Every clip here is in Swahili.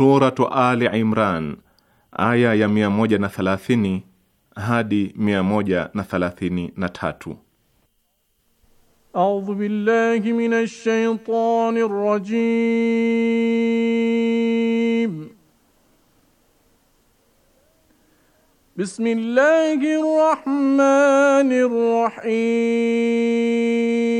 Suratu Ali Imran aya ya 130 hadi 133. A'udhu billahi minash shaitani rajim. Bismillahir rahmanir rahim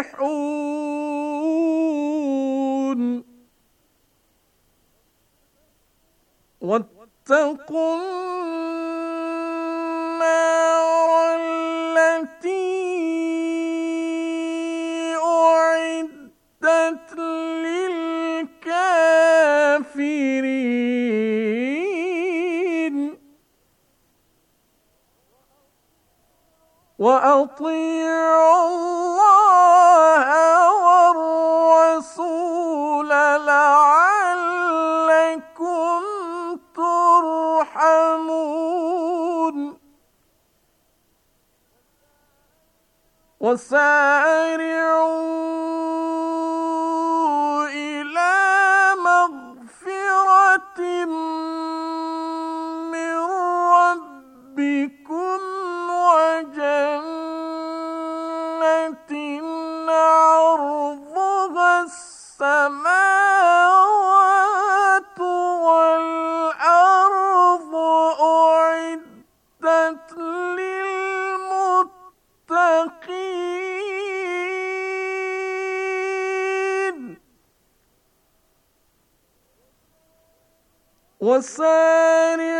تفلحون واتقوا النار التي أعدت للكافرين وأطيعوا وسارعوا necessária.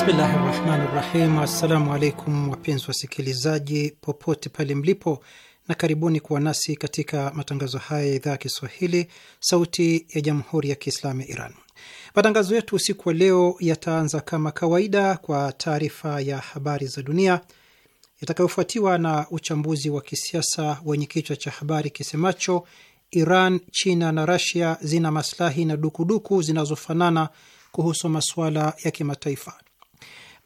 Bismillahi rahmani rahim. Assalamu alaikum wapenzi wasikilizaji popote pale mlipo, na karibuni kuwa nasi katika matangazo haya ya idhaa ya Kiswahili sauti ya jamhuri ya Kiislamu ya Iran. Matangazo yetu usiku wa leo yataanza kama kawaida kwa taarifa ya habari za dunia itakayofuatiwa na uchambuzi wa kisiasa wenye kichwa cha habari kisemacho Iran, China na Rasia zina maslahi na dukuduku zinazofanana kuhusu masuala ya kimataifa.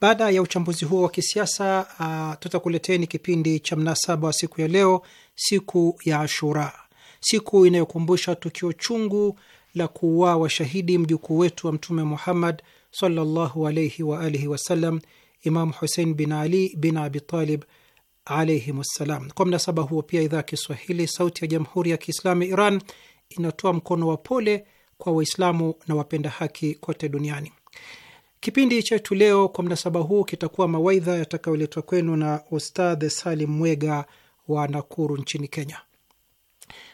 Baada ya uchambuzi huo wa kisiasa uh, tutakuleteni kipindi cha mnasaba wa siku ya leo, siku ya Ashura, siku inayokumbusha tukio chungu la kuuawa shahidi mjukuu wetu wa Mtume Muhammad sallallahu alaihi wa alihi wasallam, Imam Husein bin Ali bin Abitalib alaihim Kwa mnasaba huo pia, idhaa ya Kiswahili sauti ya jamhuri ya Kiislamu Iran inatoa mkono wa pole kwa Waislamu na wapenda haki kote duniani. Kipindi chetu leo kwa mnasaba huu kitakuwa mawaidha yatakayoletwa kwenu na Ustadh Salim Mwega wa Nakuru nchini Kenya.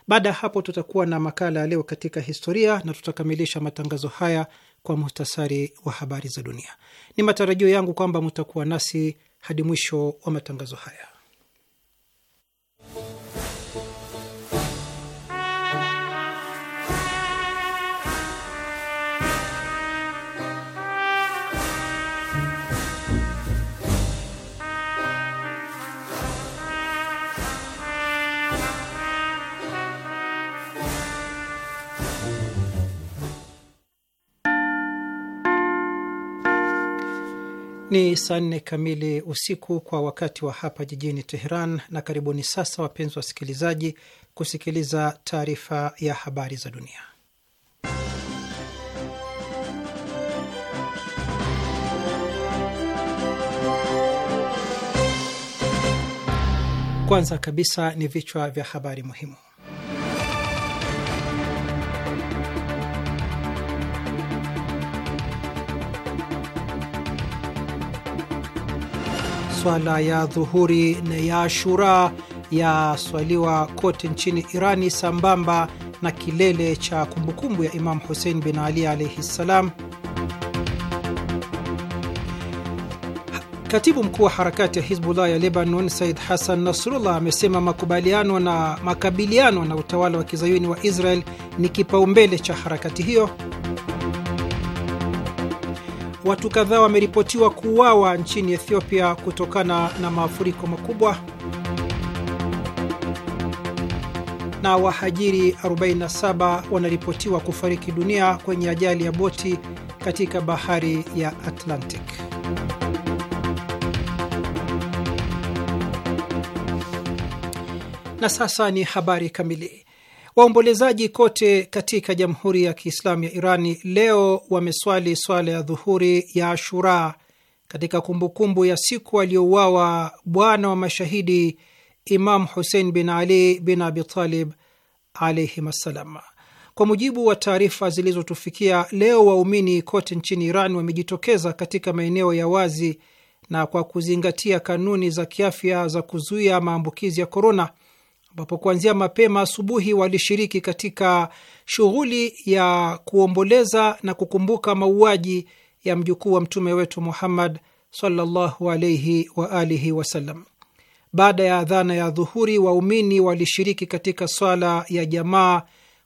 Baada ya hapo, tutakuwa na makala ya leo katika historia na tutakamilisha matangazo haya kwa muhtasari wa habari za dunia. Ni matarajio yangu kwamba mutakuwa nasi hadi mwisho wa matangazo haya. Ni saa nne kamili usiku kwa wakati wa hapa jijini Teheran, na karibuni sasa, wapenzi wasikilizaji, kusikiliza taarifa ya habari za dunia. Kwanza kabisa ni vichwa vya habari muhimu. Swala ya dhuhuri na ya Ashura yaswaliwa kote nchini Irani sambamba na kilele cha kumbukumbu ya Imamu Husein bin Ali alaihi ssalam. Katibu mkuu wa harakati ya Hizbullah ya Lebanon, Said Hassan Nasrullah, amesema makubaliano na makabiliano na utawala wa kizayuni wa Israel ni kipaumbele cha harakati hiyo Watu kadhaa wameripotiwa kuuawa nchini Ethiopia kutokana na maafuriko makubwa, na wahajiri 47 wanaripotiwa kufariki dunia kwenye ajali ya boti katika bahari ya Atlantic. Na sasa ni habari kamili. Waombolezaji kote katika Jamhuri ya Kiislamu ya Irani leo wameswali swala ya dhuhuri ya Ashura katika kumbukumbu ya siku aliyouawa bwana wa mashahidi Imam Husein bin Ali bin Abitalib alaihim assalam. Kwa mujibu wa taarifa zilizotufikia leo, waumini kote nchini Iran wamejitokeza katika maeneo ya wazi na kwa kuzingatia kanuni za kiafya za kuzuia maambukizi ya korona ambapo kuanzia mapema asubuhi walishiriki katika shughuli ya kuomboleza na kukumbuka mauaji ya mjukuu wa mtume wetu Muhammad sallallahu alaihi wa alihi wasallam. Baada ya adhana ya dhuhuri, waumini walishiriki katika swala ya jamaa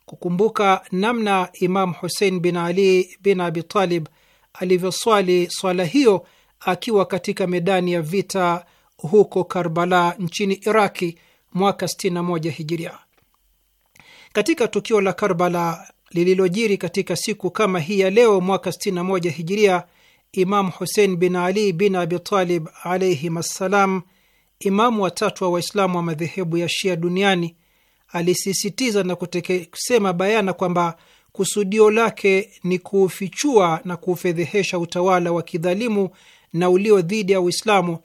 kukumbuka namna Imam Husein bin Ali bin Abi Talib alivyoswali swala hiyo akiwa katika medani ya vita huko Karbala nchini Iraki mwaka 61 hijiria. Katika tukio la Karbala lililojiri katika siku kama hii ya leo mwaka 61 hijiria, Imamu Husein bin Ali bin Abitalib alaihim assalam, imamu watatu wa Waislamu wa madhehebu ya Shia duniani, alisisitiza na kusema bayana kwamba kusudio lake ni kuufichua na kuufedhehesha utawala wa kidhalimu na ulio dhidi ya Uislamu,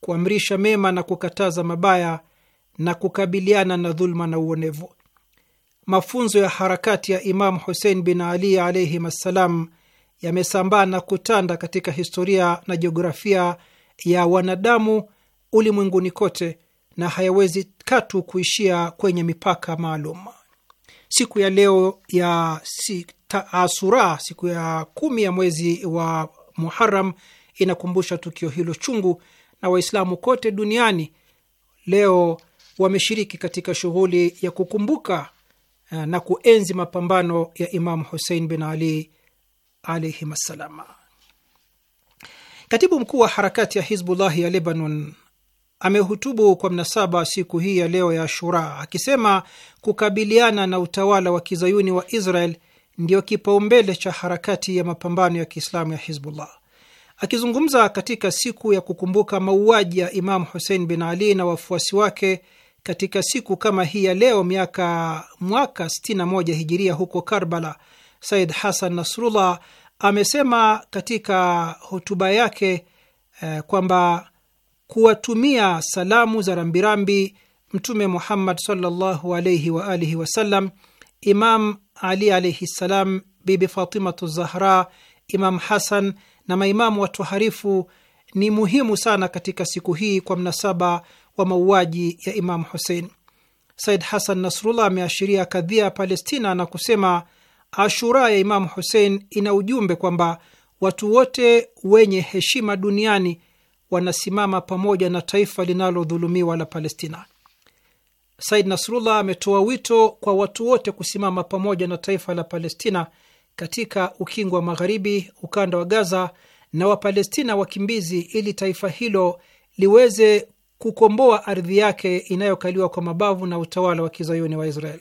kuamrisha mema na kukataza mabaya na kukabiliana na dhulma na uonevu. Mafunzo ya harakati ya Imam Husein bin Ali alaihim assalam yamesambaa na kutanda katika historia na jiografia ya wanadamu ulimwenguni kote na hayawezi katu kuishia kwenye mipaka maalum. Siku ya leo ya si, Asura, siku ya kumi ya mwezi wa Muharam inakumbusha tukio hilo chungu, na Waislamu kote duniani leo wameshiriki katika shughuli ya kukumbuka eh, na kuenzi mapambano ya Imamu Husein bin Ali alaihim assalama. Katibu mkuu wa harakati ya Hizbullahi ya Lebanon amehutubu kwa mnasaba siku hii ya leo ya Ashura akisema kukabiliana na utawala wa kizayuni wa Israel ndiyo kipaumbele cha harakati ya mapambano ya Kiislamu ya Hizbullah. Akizungumza katika siku ya kukumbuka mauaji ya Imamu Husein bin Ali na wafuasi wake katika siku kama hii ya leo miaka mwaka 61 hijiria huko Karbala, Said hasan Nasrullah amesema katika hotuba yake eh, kwamba kuwatumia salamu za rambirambi Mtume Muhammad sallallahu alaihi wa alihi wasallam, Imam Ali alaihi ssalam, Bibi Fatimatu Zahra, Imam Hasan na maimamu watoharifu ni muhimu sana katika siku hii kwa mnasaba wa mauaji ya Imamu Husein. Said hasan Nasrullah ameashiria kadhia ya Palestina na kusema Ashura ya Imamu Husein ina ujumbe kwamba watu wote wenye heshima duniani wanasimama pamoja na taifa linalodhulumiwa la Palestina. Said Nasrullah ametoa wito kwa watu wote kusimama pamoja na taifa la Palestina katika ukingo wa Magharibi, ukanda wa Gaza na Wapalestina wakimbizi, ili taifa hilo liweze kukomboa ardhi yake inayokaliwa kwa mabavu na utawala wa kizayuni wa Israel.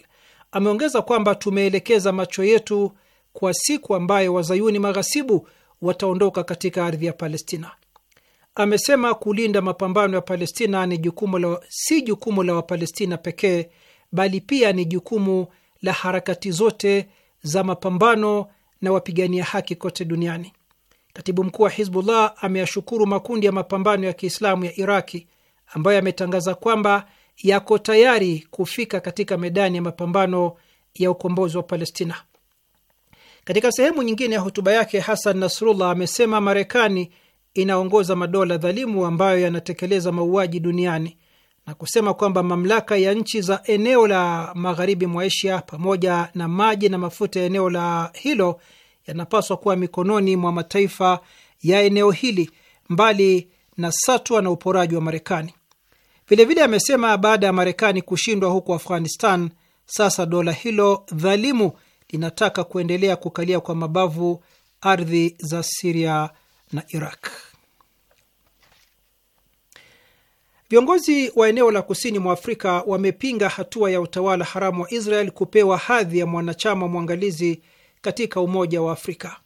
Ameongeza kwamba tumeelekeza macho yetu kwa siku ambayo wazayuni maghasibu wataondoka katika ardhi ya Palestina. Amesema kulinda mapambano ya Palestina ni jukumu la, si jukumu la Wapalestina pekee bali pia ni jukumu la harakati zote za mapambano na wapigania haki kote duniani. Katibu mkuu wa Hizbullah ameyashukuru makundi ya mapambano ya Kiislamu ya Iraki ambayo yametangaza kwamba yako tayari kufika katika medani ya mapambano ya ukombozi wa Palestina. Katika sehemu nyingine ya hotuba yake, Hasan Nasrullah amesema Marekani inaongoza madola dhalimu ambayo yanatekeleza mauaji duniani na kusema kwamba mamlaka ya nchi za eneo la magharibi mwa Asia pamoja na maji na mafuta ya eneo la hilo yanapaswa kuwa mikononi mwa mataifa ya eneo hili, mbali na satwa na uporaji wa Marekani. Vilevile amesema baada ya Marekani kushindwa huko Afghanistan, sasa dola hilo dhalimu linataka kuendelea kukalia kwa mabavu ardhi za Siria na Iraq. Viongozi wa eneo la kusini mwa Afrika wamepinga hatua ya utawala haramu wa Israel kupewa hadhi ya mwanachama mwangalizi katika Umoja wa Afrika.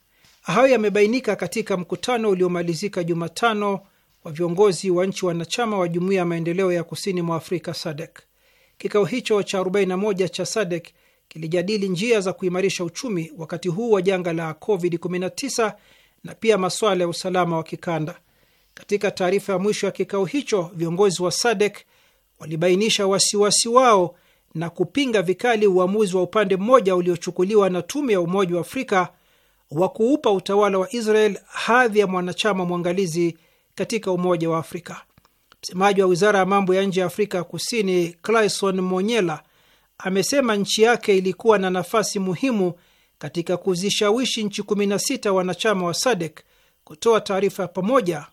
Hayo yamebainika katika mkutano uliomalizika Jumatano wa viongozi wa nchi wanachama wa Jumuiya ya Maendeleo ya Kusini mwa Afrika SADC. Kikao hicho cha 41 cha SADC kilijadili njia za kuimarisha uchumi wakati huu wa janga la COVID-19 na pia masuala ya usalama wa kikanda. Katika taarifa ya mwisho ya kikao hicho, viongozi wa SADC walibainisha wasiwasi wao na kupinga vikali uamuzi wa upande mmoja uliochukuliwa na Tume ya Umoja wa Afrika wa kuupa utawala wa Israel hadhi ya mwanachama mwangalizi katika Umoja wa Afrika. Msemaji wa wizara ya mambo ya nje ya Afrika Kusini, Clayson Monyela, amesema nchi yake ilikuwa na nafasi muhimu katika kuzishawishi nchi 16 wanachama wa SADC kutoa taarifa ya pamoja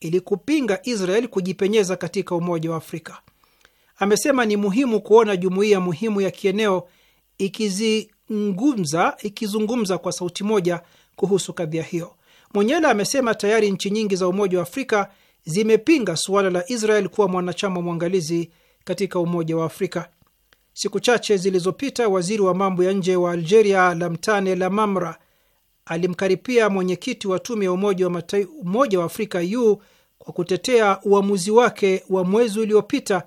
ili kupinga Israel kujipenyeza katika Umoja wa Afrika. Amesema ni muhimu kuona jumuiya muhimu ya kieneo ikizungumza ikizungumza kwa sauti moja kuhusu kadhia hiyo. Monyela amesema tayari nchi nyingi za Umoja wa Afrika zimepinga suala la Israel kuwa mwanachama mwangalizi katika Umoja wa Afrika. Siku chache zilizopita, waziri wa mambo ya nje wa Algeria Lamtane Lamamra alimkaripia mwenyekiti wa tume ya Umoja wa, Umoja wa Afrika u kwa kutetea uamuzi wake wa mwezi uliopita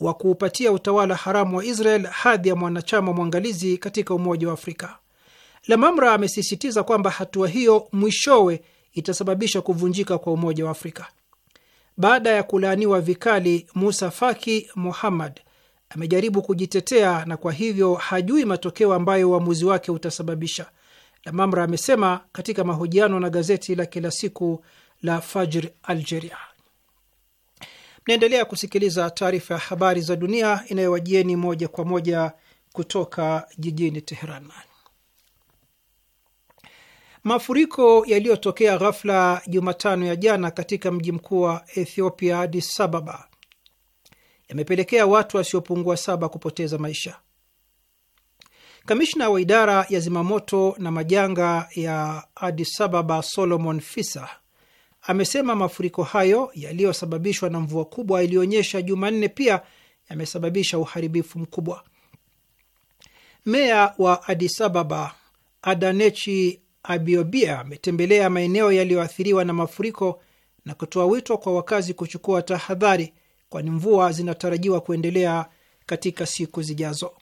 wa kuupatia utawala haramu wa Israel hadhi ya mwanachama mwangalizi katika Umoja wa Afrika. Lamamra amesisitiza kwamba hatua hiyo mwishowe itasababisha kuvunjika kwa Umoja wa Afrika. Baada ya kulaaniwa vikali, Musa Faki Muhammad amejaribu kujitetea na kwa hivyo hajui matokeo ambayo uamuzi wake utasababisha, Lamamra amesema katika mahojiano na gazeti la kila siku la Fajr Algeria. Mnaendelea kusikiliza taarifa ya habari za dunia inayowajieni moja kwa moja kutoka jijini Teheran. Mafuriko yaliyotokea ghafla Jumatano ya jana katika mji mkuu wa Ethiopia, Addis Ababa, yamepelekea watu wasiopungua saba kupoteza maisha. Kamishna wa idara ya zimamoto na majanga ya Addis Ababa, Solomon Fisa, amesema mafuriko hayo yaliyosababishwa na mvua kubwa iliyoonyesha Jumanne pia yamesababisha uharibifu mkubwa. Meya wa Addis Ababa Adanechi Abiobia ametembelea maeneo yaliyoathiriwa na mafuriko na kutoa wito kwa wakazi kuchukua tahadhari, kwani mvua zinatarajiwa kuendelea katika siku zijazo.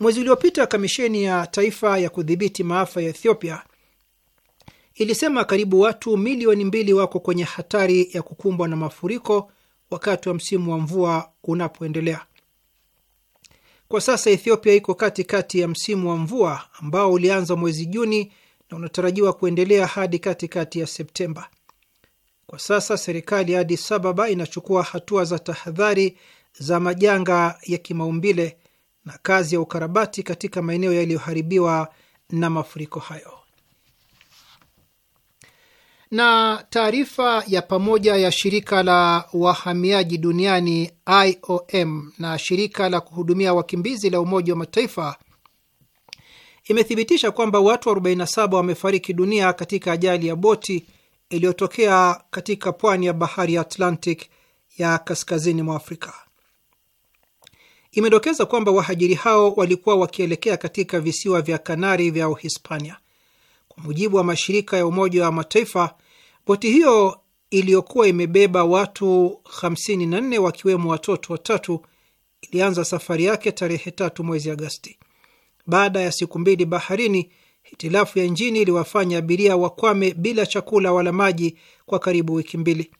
Mwezi uliopita kamisheni ya taifa ya kudhibiti maafa ya Ethiopia ilisema karibu watu milioni mbili wako kwenye hatari ya kukumbwa na mafuriko wakati wa msimu wa mvua unapoendelea. Kwa sasa Ethiopia iko katikati ya msimu wa mvua ambao ulianza mwezi Juni na unatarajiwa kuendelea hadi katikati ya Septemba. Kwa sasa serikali ya Addis Ababa inachukua hatua za tahadhari za majanga ya kimaumbile na kazi ya ukarabati katika maeneo yaliyoharibiwa na mafuriko hayo na taarifa ya pamoja ya shirika la wahamiaji duniani IOM na shirika la kuhudumia wakimbizi la Umoja wa Mataifa imethibitisha kwamba watu 47 wamefariki dunia katika ajali ya boti iliyotokea katika pwani ya bahari ya Atlantic ya kaskazini mwa Afrika. Imedokeza kwamba wahajiri hao walikuwa wakielekea katika visiwa vya Kanari vya Uhispania. Kwa mujibu wa mashirika ya Umoja wa Mataifa, Boti hiyo iliyokuwa imebeba watu 54 wakiwemo watoto watatu ilianza safari yake tarehe tatu mwezi Agasti. Baada ya siku mbili baharini, hitilafu ya injini iliwafanya abiria wakwame bila chakula wala maji kwa karibu wiki mbili.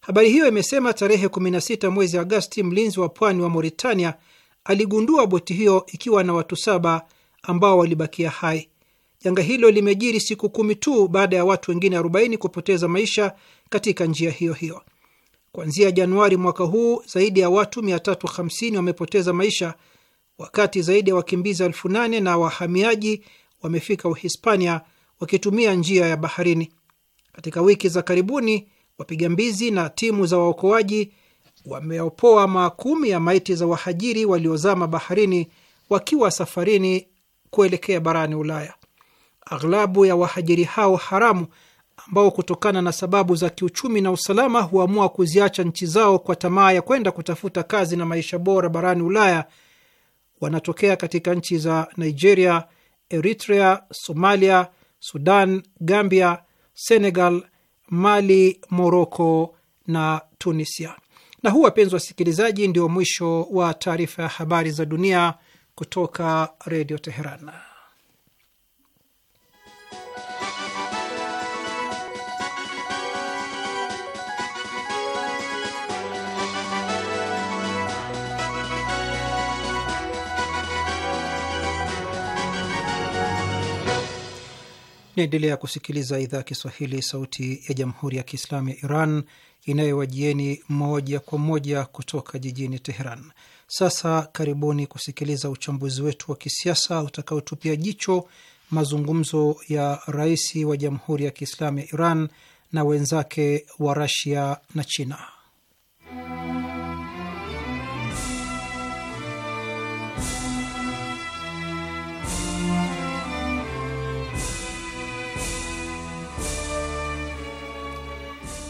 Habari hiyo imesema tarehe 16 mwezi Agasti, mlinzi wa pwani wa Mauritania aligundua boti hiyo ikiwa na watu saba ambao walibakia hai. Janga hilo limejiri siku kumi tu baada ya watu wengine 40 kupoteza maisha katika njia hiyo hiyo. Kuanzia Januari mwaka huu zaidi ya watu 350 wamepoteza maisha, wakati zaidi ya wakimbizi elfu nane na wahamiaji wamefika Uhispania wakitumia njia ya baharini. Katika wiki za karibuni, wapiga mbizi na timu za waokoaji wameopoa makumi ya maiti za wahajiri waliozama baharini wakiwa safarini kuelekea barani Ulaya aghlabu ya wahajiri hao haramu ambao kutokana na sababu za kiuchumi na usalama huamua kuziacha nchi zao kwa tamaa ya kwenda kutafuta kazi na maisha bora barani Ulaya wanatokea katika nchi za Nigeria, Eritrea, Somalia, Sudan, Gambia, Senegal, Mali, Moroko na Tunisia. Na huu, wapenzi wasikilizaji, ndio mwisho wa taarifa ya habari za dunia kutoka Redio Teheran. Naendelea kusikiliza idhaa Kiswahili sauti ya jamhuri ya Kiislamu ya Iran inayowajieni moja kwa moja kutoka jijini Teheran. Sasa karibuni kusikiliza uchambuzi wetu wa kisiasa utakaotupia jicho mazungumzo ya rais wa jamhuri ya Kiislamu ya Iran na wenzake wa Rasia na China.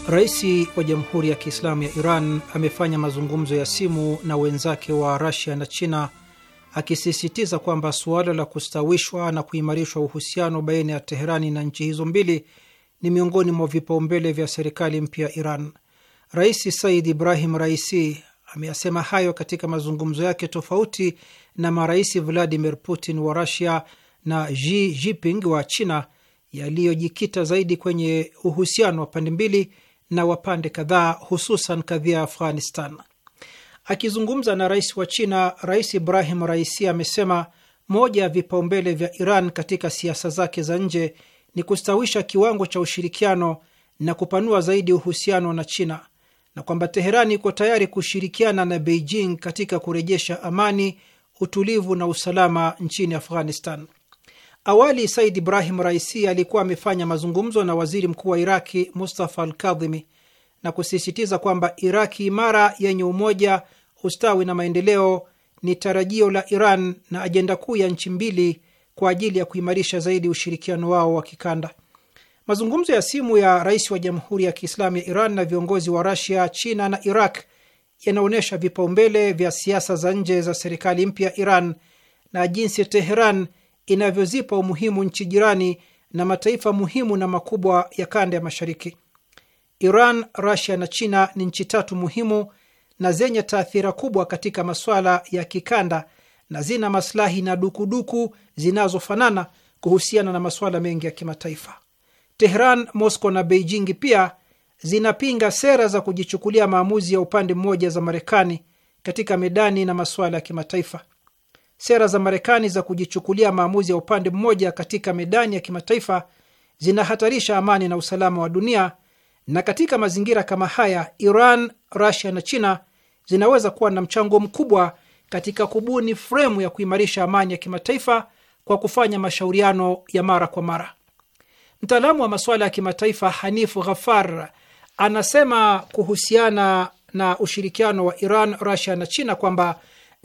Rais wa Jamhuri ya Kiislamu ya Iran amefanya mazungumzo ya simu na wenzake wa Rasia na China akisisitiza kwamba suala la kustawishwa na kuimarishwa uhusiano baina ya Teherani na nchi hizo mbili ni miongoni mwa vipaumbele vya serikali mpya ya Iran. Rais Said Ibrahim Raisi ameyasema hayo katika mazungumzo yake tofauti na marais Vladimir Putin wa Rusia na Xi Jinping wa China yaliyojikita zaidi kwenye uhusiano wa pande mbili na wapande kadhaa, hususan kadhia ya Afghanistan. Akizungumza na rais wa China, Rais Ibrahim Raisi amesema moja ya vipaumbele vya Iran katika siasa zake za nje ni kustawisha kiwango cha ushirikiano na kupanua zaidi uhusiano na China na kwamba Teherani iko tayari kushirikiana na Beijing katika kurejesha amani, utulivu na usalama nchini Afghanistan. Awali Said Ibrahim Raisi alikuwa amefanya mazungumzo na waziri mkuu wa Iraki Mustafa Alkadhimi na kusisitiza kwamba Iraki imara yenye umoja, ustawi na maendeleo ni tarajio la Iran na ajenda kuu ya nchi mbili kwa ajili ya kuimarisha zaidi ushirikiano wao wa kikanda. Mazungumzo ya simu ya rais wa Jamhuri ya Kiislamu ya Iran na viongozi wa Rasia, China na Iraq yanaonyesha vipaumbele vya siasa za nje za serikali mpya ya Iran na jinsi Teheran inavyozipa umuhimu nchi jirani na mataifa muhimu na makubwa ya kanda ya Mashariki. Iran, Rusia na China ni nchi tatu muhimu na zenye taathira kubwa katika masuala ya kikanda na zina masilahi na dukuduku zinazofanana kuhusiana na masuala mengi ya kimataifa. Tehran, Moscow na Beijing pia zinapinga sera za kujichukulia maamuzi ya upande mmoja za Marekani katika medani na masuala ya kimataifa. Sera za Marekani za kujichukulia maamuzi ya upande mmoja katika medani ya kimataifa zinahatarisha amani na usalama wa dunia, na katika mazingira kama haya, Iran, Rusia na China zinaweza kuwa na mchango mkubwa katika kubuni fremu ya kuimarisha amani ya kimataifa kwa kufanya mashauriano ya mara kwa mara. Mtaalamu wa masuala ya kimataifa hanif Ghafar anasema kuhusiana na ushirikiano wa Iran, Rusia na China kwamba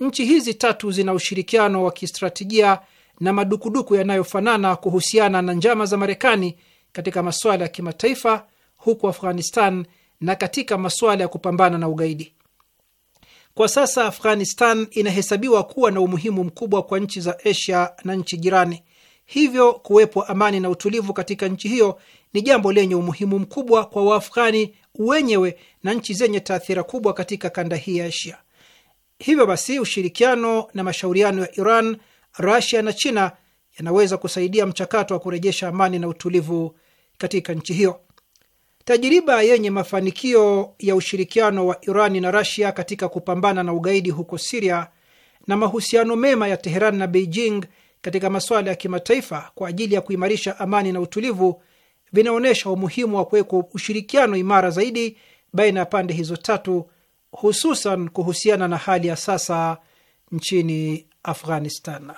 Nchi hizi tatu zina ushirikiano wa kistratejia na madukuduku yanayofanana kuhusiana na njama za Marekani katika masuala ya kimataifa huku Afghanistan na katika masuala ya kupambana na ugaidi. Kwa sasa Afghanistan inahesabiwa kuwa na umuhimu mkubwa kwa nchi za Asia na nchi jirani, hivyo kuwepo amani na utulivu katika nchi hiyo ni jambo lenye umuhimu mkubwa kwa Waafghani wenyewe na nchi zenye taathira kubwa katika kanda hii ya Asia. Hivyo basi ushirikiano na mashauriano ya Iran, Rasia na China yanaweza kusaidia mchakato wa kurejesha amani na utulivu katika nchi hiyo. Tajiriba yenye mafanikio ya ushirikiano wa Irani na Rasia katika kupambana na ugaidi huko Siria na mahusiano mema ya Teheran na Beijing katika masuala ya kimataifa kwa ajili ya kuimarisha amani na utulivu vinaonyesha umuhimu wa kuwekwa ushirikiano imara zaidi baina ya pande hizo tatu hususan kuhusiana na hali ya sasa nchini Afghanistan.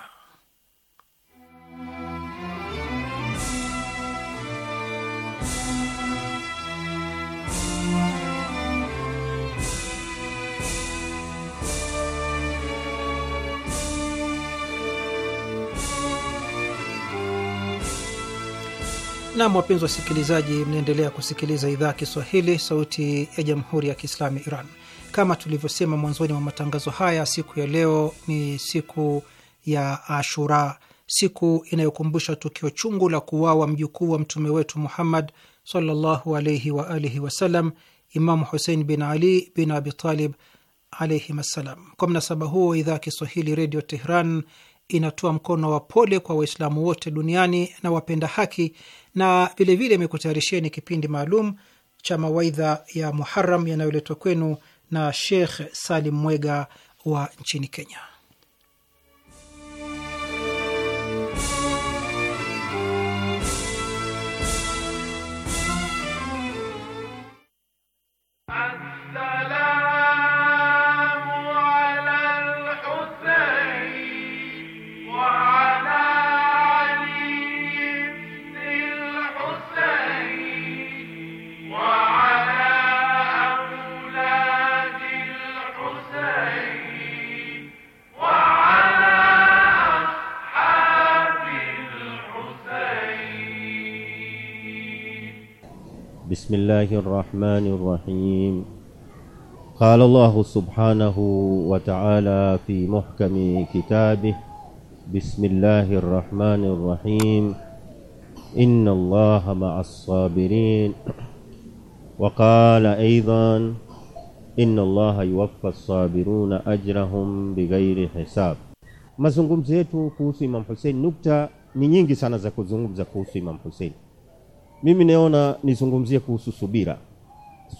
Nam, wapenzi wasikilizaji, mnaendelea kusikiliza idhaa ya Kiswahili, sauti ya jamhuri ya kiislamu Iran. Kama tulivyosema mwanzoni mwa matangazo haya, siku ya leo ni siku ya Ashura, siku inayokumbusha tukio chungu la kuuawa mjukuu wa mtume wetu Muhammad sallallahu alaihi wa alihi wasallam, Imamu Husein bin Ali bin Abitalib alaihim assalam. Kwa mnasaba huo, idhaa ya Kiswahili Redio Tehran inatoa mkono wa pole kwa Waislamu wote duniani na wapenda haki, na vilevile imekutayarishieni kipindi maalum cha mawaidha ya Muharam yanayoletwa kwenu na Sheikh Salim Mwega wa nchini Kenya. Asala. بسم الله الرحمن الرحيم قال الله سبحانه وتعالى في محكم كتابه بسم الله الرحمن الرحيم ان الله مع الصابرين وقال ايضا ان الله يوفى الصابرون اجرهم بغير حساب mazungumzo yetu kuhusu Imam Hussein, nukta ni nyingi sana za kuzungumza kuhusu Imam Hussein mimi naona nizungumzie kuhusu subira,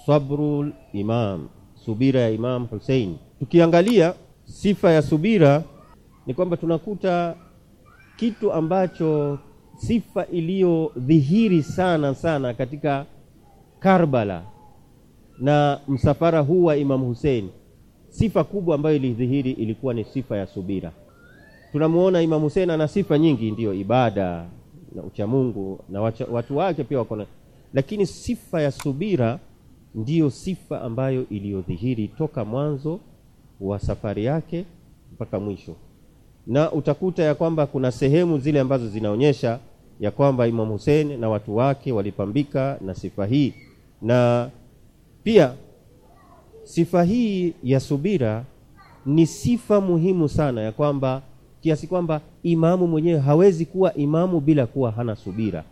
sabrul imam, subira ya Imam Hussein. Tukiangalia sifa ya subira ni kwamba tunakuta kitu ambacho sifa iliyodhihiri sana sana katika Karbala na msafara huu wa Imam Hussein, sifa kubwa ambayo ilidhihiri ilikuwa ni sifa ya subira. Tunamuona Imam Hussein ana sifa nyingi, ndiyo ibada na uchamungu na wacha, watu wake pia wako na, lakini sifa ya subira ndiyo sifa ambayo iliyodhihiri toka mwanzo wa safari yake mpaka mwisho, na utakuta ya kwamba kuna sehemu zile ambazo zinaonyesha ya kwamba Imam Hussein na watu wake walipambika na sifa hii, na pia sifa hii ya subira ni sifa muhimu sana ya kwamba kiasi kwamba imamu mwenyewe hawezi kuwa imamu bila kuwa hana subira.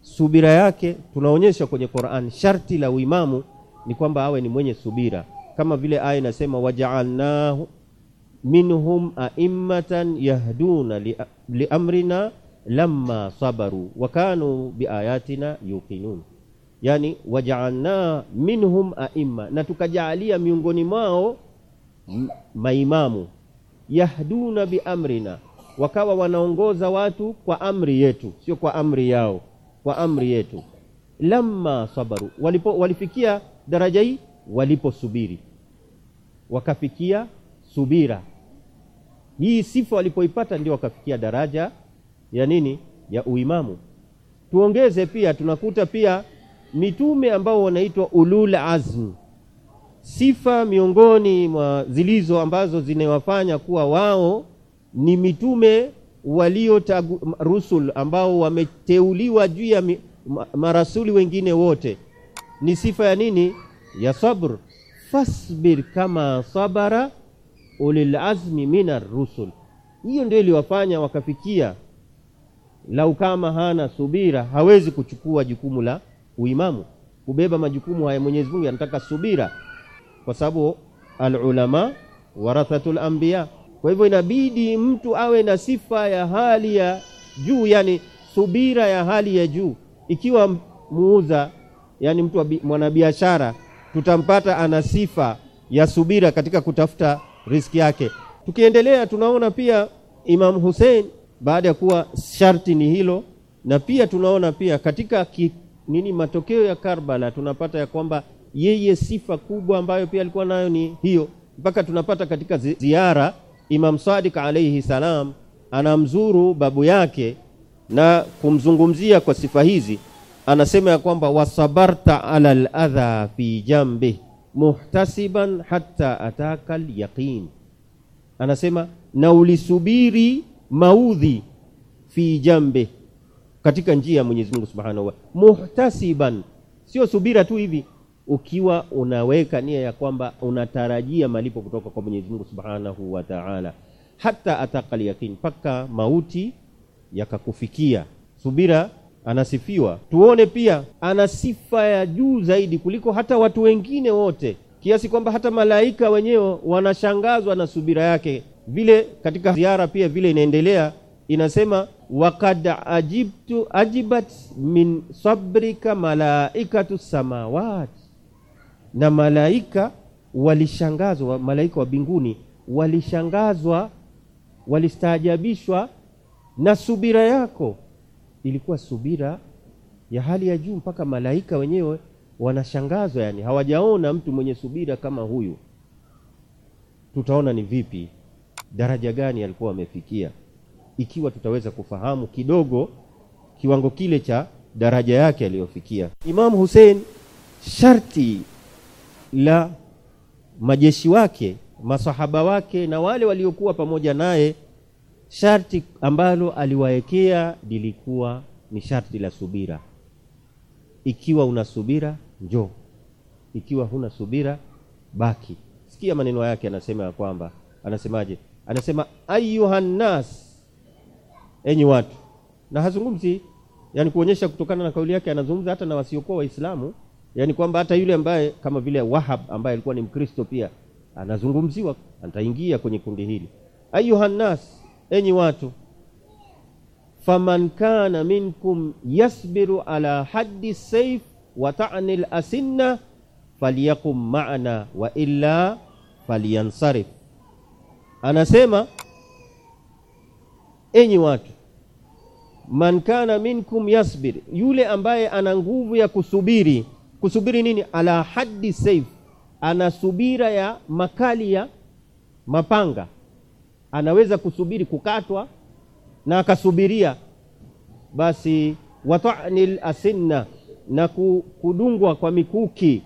Subira yake tunaonyesha kwenye Qur'an. Sharti la uimamu ni kwamba awe ni mwenye subira, kama vile aya inasema waja'alnahu minhum a'immatan yahduna liamrina li lamma sabaru wa kanu biayatina yuqinun, yani waja'alna minhum a'imma, na tukajaalia miongoni mwao maimamu yahduna biamrina, wakawa wanaongoza watu kwa amri yetu, sio kwa amri yao, kwa amri yetu. Lamma sabaru, walipo walifikia daraja hii waliposubiri, wakafikia subira. Hii sifa walipoipata ndio wakafikia daraja ya nini? Ya uimamu. Tuongeze pia, tunakuta pia mitume ambao wanaitwa ulul azm sifa miongoni mwa zilizo ambazo zinawafanya kuwa wao ni mitume walio tagu, rusul ambao wameteuliwa juu ya marasuli wengine wote ni sifa ya nini? Ya sabr. Fasbir kama sabara ulil azmi mina rusul, hiyo ndio iliwafanya wakafikia. Lau kama hana subira, hawezi kuchukua jukumu la uimamu, kubeba majukumu haya. Mwenyezi Mungu anataka subira kwa sababu alulama warathatul anbiya. Kwa hivyo inabidi mtu awe na sifa ya hali ya juu, yani subira ya hali ya juu. Ikiwa muuza, yani mtu mwanabiashara, tutampata ana sifa ya subira katika kutafuta riski yake. Tukiendelea tunaona pia Imam Hussein baada ya kuwa sharti ni hilo, na pia tunaona pia katika ki, nini matokeo ya Karbala tunapata ya kwamba yeye sifa kubwa ambayo pia alikuwa nayo ni hiyo, mpaka tunapata katika ziara Imam Sadiq alayhi salam anamzuru babu yake na kumzungumzia kwa sifa hizi, anasema ya kwamba wasabarta ala aladha fi jambi muhtasiban hatta ataka alyaqin, anasema na ulisubiri maudhi fi jambi, katika njia ya Mwenyezi Mungu subhanahu wa muhtasiban, sio subira tu hivi ukiwa unaweka nia ya kwamba unatarajia malipo kutoka kwa Mwenyezi Mungu Subhanahu wa Ta'ala, hata ataqal yaqin, mpaka mauti yakakufikia. Subira anasifiwa, tuone pia ana sifa ya juu zaidi kuliko hata watu wengine wote, kiasi kwamba hata malaika wenyewe wanashangazwa na subira yake. Vile katika ziara pia vile inaendelea inasema wakad ajibtu ajibat min sabrika malaikatu samawati na malaika walishangazwa, malaika wa binguni walishangazwa, walistaajabishwa na subira yako. Ilikuwa subira ya hali ya juu, mpaka malaika wenyewe wanashangazwa, yani hawajaona mtu mwenye subira kama huyu. Tutaona ni vipi, daraja gani alikuwa amefikia, ikiwa tutaweza kufahamu kidogo kiwango kile cha daraja yake aliyofikia Imam Hussein sharti la majeshi wake, masahaba wake na wale waliokuwa pamoja naye, sharti ambalo aliwaekea lilikuwa ni sharti la subira. Ikiwa una subira njoo, ikiwa huna subira baki. Sikia maneno yake, anasema ya kwamba anasemaje? Anasema ayuhannas, enyi watu, na hazungumzi yani kuonyesha kutokana na kauli yake anazungumza hata na wasiokuwa Waislamu yaani kwamba hata yule ambaye kama vile Wahab ambaye alikuwa ni Mkristo pia anazungumziwa, ataingia kwenye kundi hili. Ayuha nnas, enyi watu, faman kana minkum yasbiru ala haddi saif wa ta'ni lasinna falyakum ma'ana wa illa falyansarif. Anasema, enyi watu man kana minkum yasbir, yule ambaye ana nguvu ya kusubiri kusubiri nini? ala haddi saif, ana subira ya makali ya mapanga, anaweza kusubiri kukatwa na akasubiria. Basi watani asinna, na kudungwa kwa mikuki,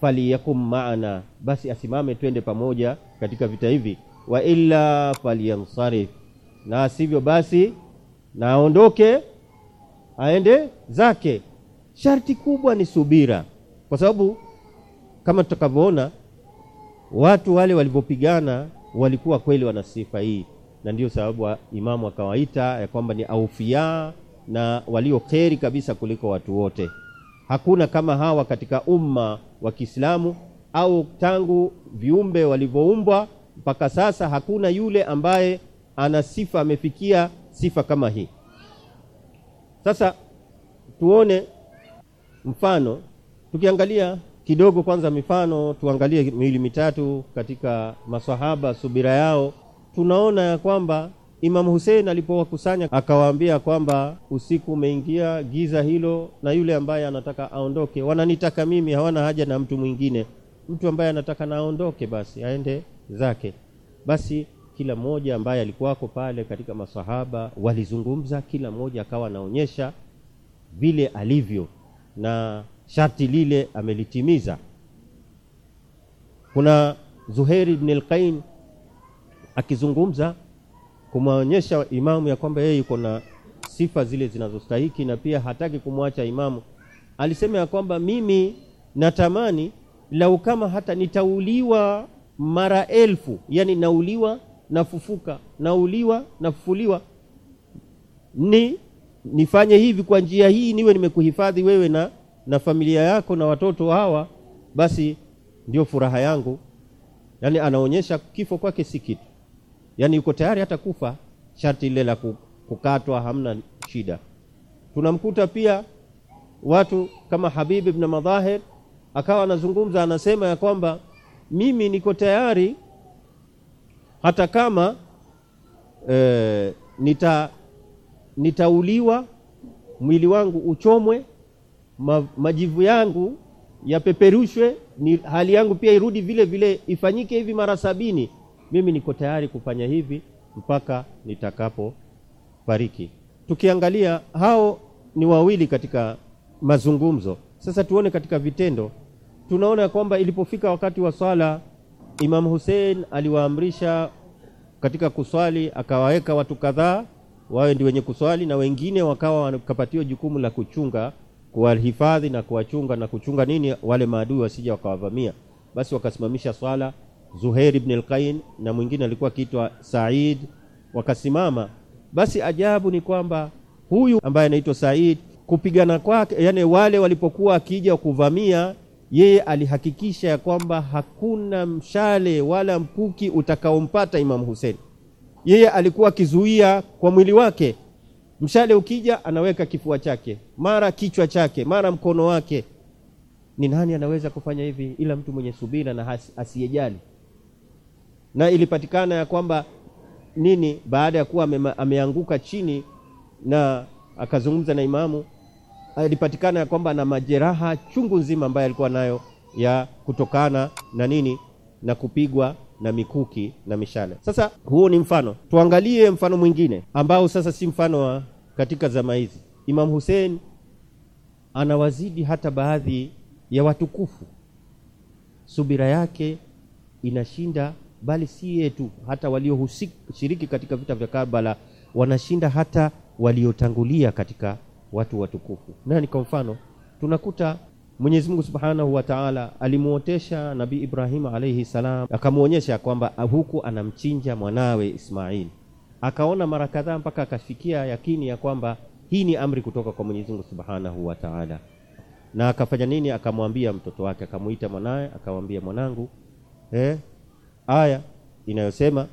faliyakum maana, basi asimame twende pamoja katika vita hivi, wa illa falyansarif, na sivyo basi naondoke aende zake Sharti kubwa ni subira, kwa sababu kama tutakavyoona watu wale walivyopigana walikuwa kweli wana sifa hii, na ndiyo sababu imamu akawaita ya kwamba ni aufia na walio kheri kabisa kuliko watu wote. Hakuna kama hawa katika umma wa Kiislamu au tangu viumbe walivyoumbwa mpaka sasa, hakuna yule ambaye ana sifa amefikia sifa kama hii. Sasa tuone mfano tukiangalia kidogo kwanza mifano tuangalie miili mitatu katika maswahaba subira yao tunaona ya kwamba Imam Hussein alipowakusanya akawaambia kwamba usiku umeingia giza hilo, na yule ambaye anataka aondoke, wananitaka mimi, hawana haja na mtu mwingine. Mtu ambaye anataka na aondoke, basi aende zake. Basi kila mmoja ambaye alikuwako pale katika masahaba walizungumza, kila mmoja akawa anaonyesha vile alivyo na sharti lile amelitimiza. Kuna Zuhairi ibn al-Qain akizungumza kumwonyesha imamu ya kwamba yeye yuko na sifa zile zinazostahiki na pia hataki kumwacha imamu. Alisema ya kwamba mimi natamani lau kama hata nitauliwa mara elfu, yani nauliwa nafufuka, nauliwa nafufuliwa, ni nifanye hivi kwa njia hii, niwe nimekuhifadhi wewe na, na familia yako na watoto hawa, basi ndio furaha yangu. Yani anaonyesha kifo kwake si kitu, yani yuko tayari hata kufa, sharti ile la kukatwa hamna shida. Tunamkuta pia watu kama Habib ibn Madahir akawa anazungumza, anasema ya kwamba mimi niko tayari hata kama e, nita nitauliwa, mwili wangu uchomwe, ma, majivu yangu yapeperushwe, ni hali yangu pia irudi vile vile, ifanyike hivi mara sabini. Mimi niko tayari kufanya hivi mpaka nitakapo fariki. Tukiangalia hao ni wawili katika mazungumzo. Sasa tuone katika vitendo, tunaona kwamba ilipofika wakati wa swala, Imam Hussein aliwaamrisha katika kuswali, akawaweka watu kadhaa wawe ndi wenye kuswali na wengine wakawa wakapatiwa jukumu la kuchunga kuwahifadhi na kuwachunga na kuchunga nini wale maadui wasija wakawavamia basi wakasimamisha swala Zuhair ibn al na mwingine alikuwa akiitwa Said wakasimama basi ajabu ni kwamba huyu ambaye anaitwa Said kupigana kwake yani wale walipokuwa akija kuvamia yeye alihakikisha ya kwamba hakuna mshale wala mkuki utakaompata Imam Hussein yeye alikuwa akizuia kwa mwili wake. Mshale ukija anaweka kifua chake, mara kichwa chake, mara mkono wake. Ni nani anaweza kufanya hivi ila mtu mwenye subira na asiyejali? Na ilipatikana ya kwamba nini, baada ya kuwa ameanguka chini na akazungumza na imamu, ilipatikana ya kwamba ana majeraha chungu nzima ambayo alikuwa nayo ya kutokana na nini na kupigwa na mikuki na mishale. Sasa huo ni mfano, tuangalie mfano mwingine ambao sasa si mfano wa katika zama hizi. Imam Hussein anawazidi hata baadhi ya watukufu, subira yake inashinda, bali si yetu, hata walioshiriki katika vita vya Karbala wanashinda hata waliotangulia katika watu watukufu. Nani kwa mfano tunakuta Mwenyezi Mungu Subhanahu wa Ta'ala alimuotesha Nabii Ibrahim alayhi salam, akamwonyesha kwamba huku anamchinja mwanawe ismail Akaona mara kadhaa mpaka akafikia yakini ya kwamba hii ni amri kutoka kwa Mwenyezi Mungu Subhanahu wa Ta'ala. Na akafanya nini? Akamwambia mtoto wake, akamuita mwanaye, akamwambia mwanangu, eh, aya inayosema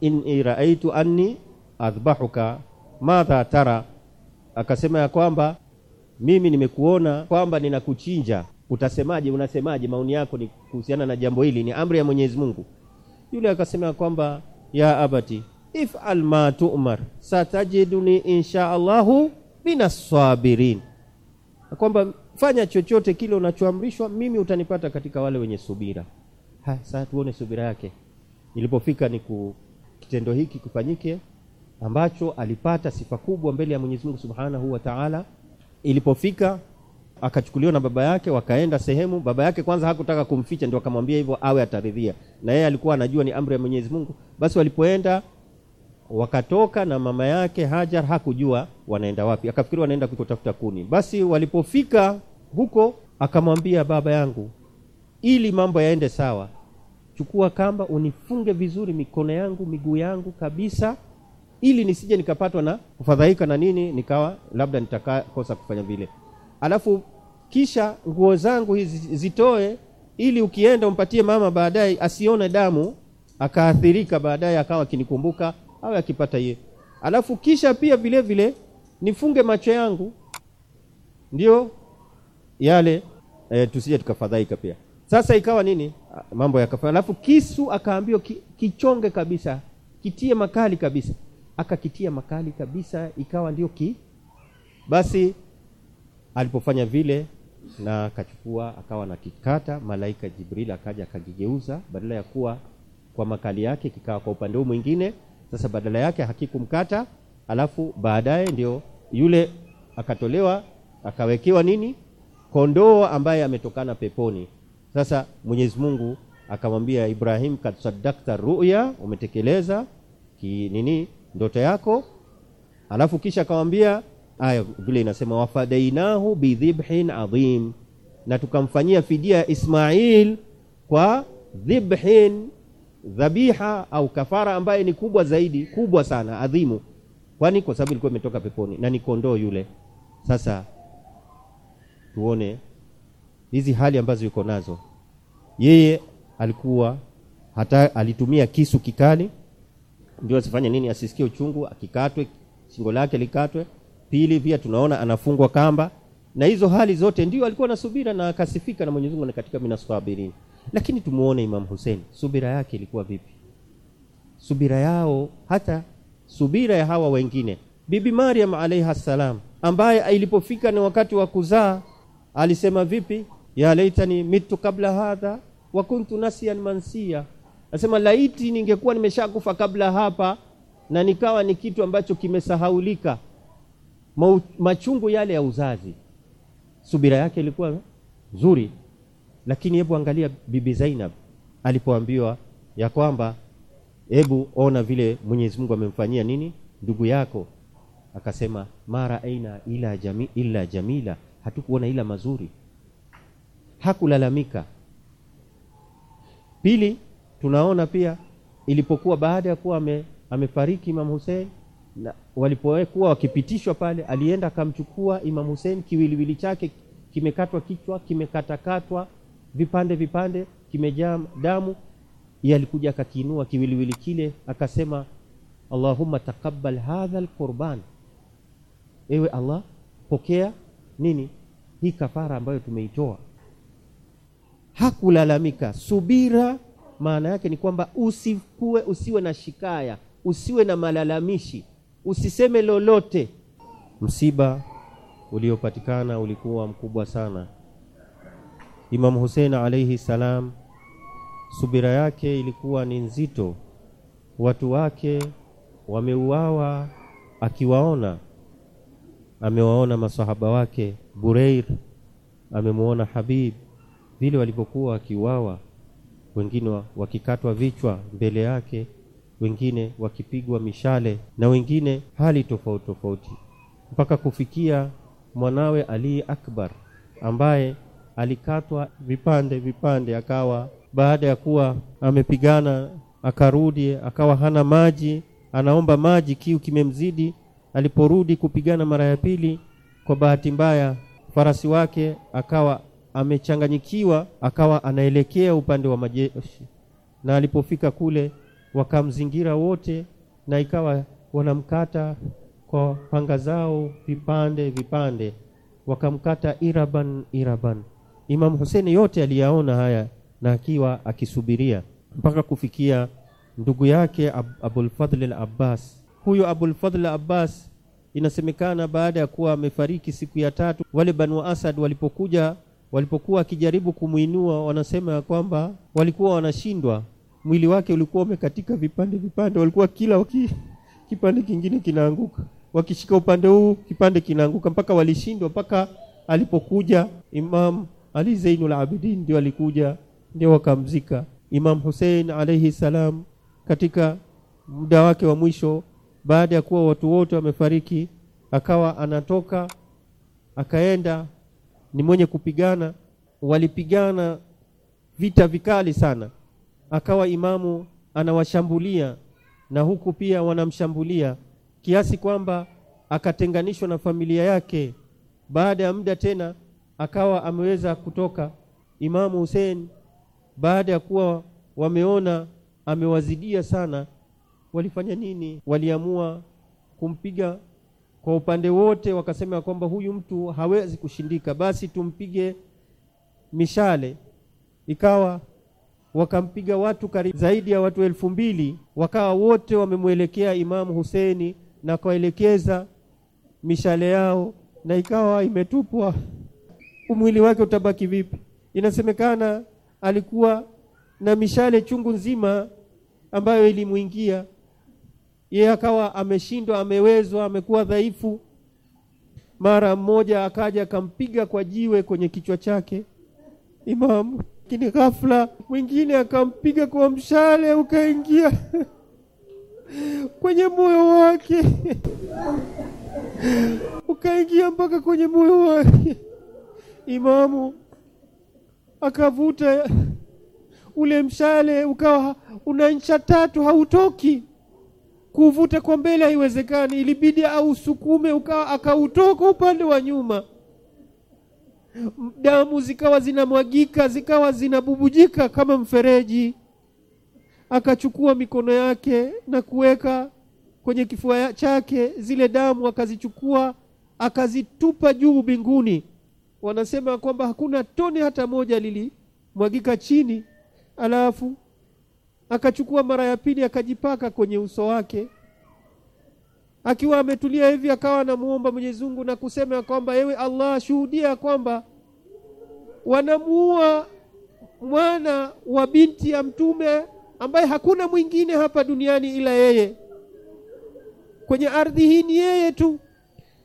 in raaitu anni adhbahuka madha tara, akasema ya kwamba mimi nimekuona kwamba ninakuchinja, utasemaje? Unasemaje? maoni yako ni kuhusiana na jambo hili, ni amri ya Mwenyezi Mungu. Yule akasema kwamba ya abati if'al ma tu'mar satajiduni insha Allahu minas kwamba fanya chochote kile unachoamrishwa, mimi utanipata katika wale wenye subira. Ha, sasa tuone subira yake ilipofika ni ku kitendo hiki kifanyike ambacho alipata sifa kubwa mbele ya Mwenyezi Mungu Subhanahu wa Ta'ala. Ilipofika akachukuliwa na baba yake, wakaenda sehemu. Baba yake kwanza hakutaka kumficha, ndio akamwambia hivyo awe ataridhia, na yeye alikuwa anajua ni amri ya Mwenyezi Mungu. Basi walipoenda wakatoka na mama yake Hajar hakujua wanaenda wapi, akafikiri wanaenda kutafuta kuni. Basi walipofika huko, akamwambia baba yangu, ili mambo yaende sawa, chukua kamba unifunge vizuri mikono yangu miguu yangu kabisa ili nisije nikapatwa na kufadhaika na nini, nikawa labda nitakakosa kufanya vile. Alafu kisha nguo zangu hizi zitoe, ili ukienda umpatie mama, baadaye asione damu akaathirika, baadaye akawa akinikumbuka au akipata ye. Alafu kisha pia vile vile nifunge macho yangu, ndio yale e, tusije tukafadhaika pia. Sasa ikawa nini, mambo yakafanya. Alafu kisu akaambiwa ki, kichonge kabisa, kitie makali kabisa akakitia makali kabisa, ikawa ndio ki basi. Alipofanya vile na akachukua akawa na kikata, malaika Jibril akaja akakigeuza, badala ya kuwa kwa makali yake kikawa kwa upande huu mwingine. Sasa badala yake hakikumkata, alafu baadaye ndio yule akatolewa akawekewa nini, kondoo ambaye ametokana peponi. Sasa Mwenyezi Mungu akamwambia Ibrahim, kad sadakta ruya, umetekeleza ki nini ndoto yako, alafu kisha akamwambia aya vile inasema, wafadainahu bidhibhin adhim, na tukamfanyia fidia ya Ismail kwa dhibhin, dhabiha au kafara ambaye ni kubwa zaidi, kubwa sana, adhimu. Kwani kwa sababu ilikuwa imetoka peponi na ni kondoo yule. Sasa tuone hizi hali ambazo yuko nazo yeye, alikuwa hata alitumia kisu kikali ndio asifanye nini asisikie uchungu akikatwe shingo lake likatwe pili pia tunaona anafungwa kamba na hizo hali zote ndio alikuwa na subira na akasifika na Mwenyezi Mungu katika minaswabirin lakini tumuone Imam Hussein subira yake ilikuwa vipi subira yao hata subira ya hawa wengine bibi Maryam alayha salam ambaye ilipofika ni wakati wa kuzaa alisema vipi ya laitani mitu kabla hadha wa kuntu nasiyan mansia Asema laiti ningekuwa nimeshakufa kabla hapa, na nikawa ni kitu ambacho kimesahaulika, machungu yale ya uzazi. Subira yake ilikuwa nzuri, lakini hebu angalia Bibi Zainab alipoambiwa ya kwamba hebu ona vile Mwenyezi Mungu amemfanyia nini ndugu yako, akasema mara aina ila jami, ila jamila, hatukuona ila mazuri. Hakulalamika. Pili, tunaona pia ilipokuwa baada ya kuwa amefariki Imam Hussein na walipokuwa wakipitishwa pale, alienda akamchukua Imam Hussein, kiwiliwili chake kimekatwa kichwa, kimekatakatwa vipande vipande, kimejaa damu. Yeye alikuja akakiinua kiwiliwili kile akasema, Allahumma taqabbal hadha alqurban, ewe Allah pokea nini hii kafara ambayo tumeitoa. Hakulalamika, subira maana yake ni kwamba usikuwe, usiwe na shikaya, usiwe na malalamishi, usiseme lolote. Msiba uliopatikana ulikuwa mkubwa sana. imam Hussein alaihi salam, subira yake ilikuwa ni nzito. Watu wake wameuawa akiwaona, amewaona masahaba wake Bureir, amemuona Habib vile walivyokuwa akiuawa wengine wakikatwa vichwa mbele yake, wengine wakipigwa mishale na wengine hali tofauti tofauti, mpaka kufikia mwanawe Ali Akbar ambaye alikatwa vipande vipande, akawa baada ya kuwa amepigana akarudi, akawa hana maji, anaomba maji, kiu kimemzidi. Aliporudi kupigana mara ya pili, kwa bahati mbaya farasi wake akawa amechanganyikiwa, akawa anaelekea upande wa majeshi, na alipofika kule wakamzingira wote, na ikawa wanamkata kwa panga zao vipande vipande, wakamkata iraban iraban. Imam Hussein yote aliyaona haya, na akiwa akisubiria mpaka kufikia ndugu yake Ab Abulfadhl al Abbas. Huyo Abulfadhl al Abbas inasemekana baada ya kuwa amefariki siku ya tatu, wale Banu Asad walipokuja walipokuwa akijaribu kumuinua, wanasema ya kwamba walikuwa wanashindwa. Mwili wake ulikuwa umekatika vipande vipande, walikuwa kila waki, kipande kingine kinaanguka, wakishika upande huu kipande kinaanguka, mpaka walishindwa, mpaka alipokuja Imam Ali Zainul Abidin ndio alikuja, ndio wakamzika Imam Hussein alayhi salam katika muda wake wa mwisho, baada ya kuwa watu wote wamefariki, akawa anatoka akaenda ni mwenye kupigana walipigana vita vikali sana akawa imamu anawashambulia na huku pia wanamshambulia kiasi kwamba akatenganishwa na familia yake baada ya muda tena akawa ameweza kutoka imamu Hussein baada ya kuwa wameona amewazidia sana walifanya nini waliamua kumpiga kwa upande wote wakasema kwamba huyu mtu hawezi kushindika, basi tumpige mishale. Ikawa wakampiga watu karibu zaidi ya watu elfu mbili wakawa wote wamemwelekea Imamu Huseini na kuelekeza mishale yao, na ikawa imetupwa. Umwili wake utabaki vipi? Inasemekana alikuwa na mishale chungu nzima ambayo ilimwingia yeye akawa ameshindwa, amewezwa, amekuwa dhaifu. Mara mmoja akaja akampiga kwa jiwe kwenye kichwa chake imamu, lakini ghafla mwingine akampiga kwa mshale ukaingia kwenye moyo wake ukaingia mpaka kwenye moyo wake. Imamu akavuta ule mshale ukawa una ncha tatu hautoki kuvuta kwa mbele haiwezekani, ilibidi au sukume ukawa akautoka upande wa nyuma. Damu zikawa zinamwagika, zikawa zinabubujika kama mfereji. Akachukua mikono yake na kuweka kwenye kifua chake, zile damu akazichukua akazitupa juu mbinguni. Wanasema kwamba hakuna tone hata moja lilimwagika chini, alafu akachukua mara ya pili akajipaka kwenye uso wake akiwa ametulia hivi akawa anamuomba Mwenyezi Mungu na kusema ya kwamba ewe Allah shuhudia kwamba wanamuua mwana wa binti ya mtume ambaye hakuna mwingine hapa duniani ila yeye kwenye ardhi hii ni yeye tu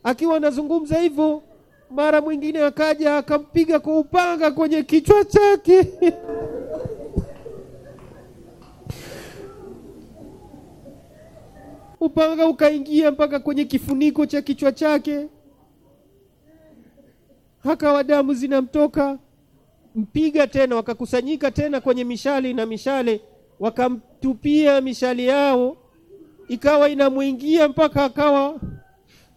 akiwa anazungumza hivyo mara mwingine akaja akampiga kwa upanga kwenye kichwa chake upanga ukaingia mpaka kwenye kifuniko cha kichwa chake, akawa damu zinamtoka. Mpiga tena, wakakusanyika tena kwenye mishali na mishale, wakamtupia mishali yao, ikawa inamwingia mpaka akawa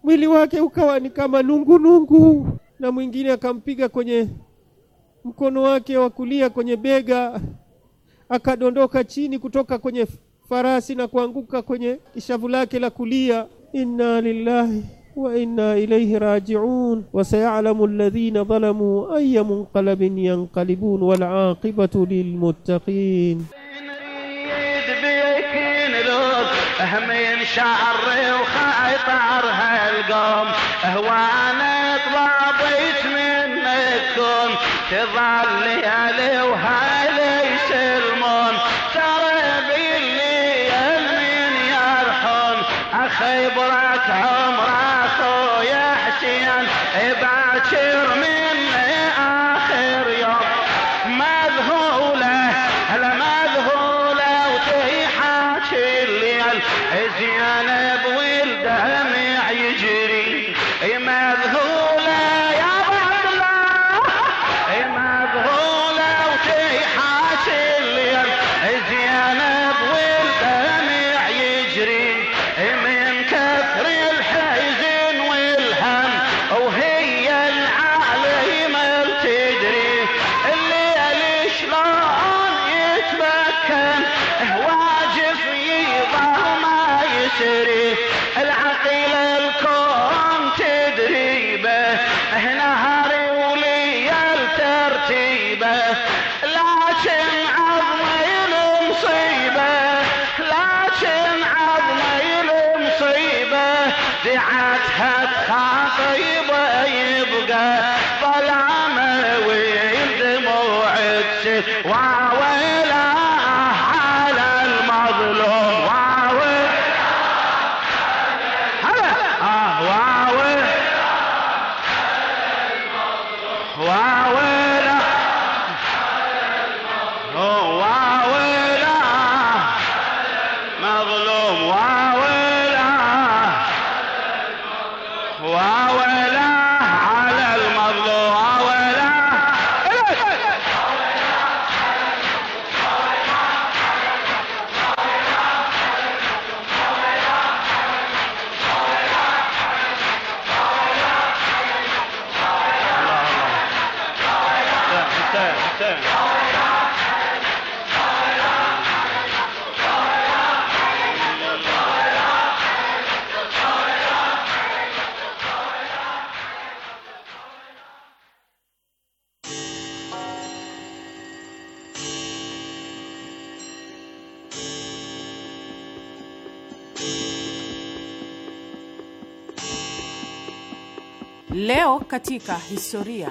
mwili wake ukawa ni kama nungunungu nungu. Na mwingine akampiga kwenye mkono wake wa kulia kwenye bega, akadondoka chini kutoka kwenye farasi na kuanguka kwenye kishavu lake la kulia, inna lillahi wa inna ilayhi raji'un wa sayalamu alladhina dhalamu ayya munqalabin yanqalibun wal aqibatu lilmuttaqin. همين شعري وخايط عرها القوم اهوانا اطلع بيت منكم تظل لي علي وهاي دعتها خطيبة يبقى ظلامة ودموع واو Leo katika historia.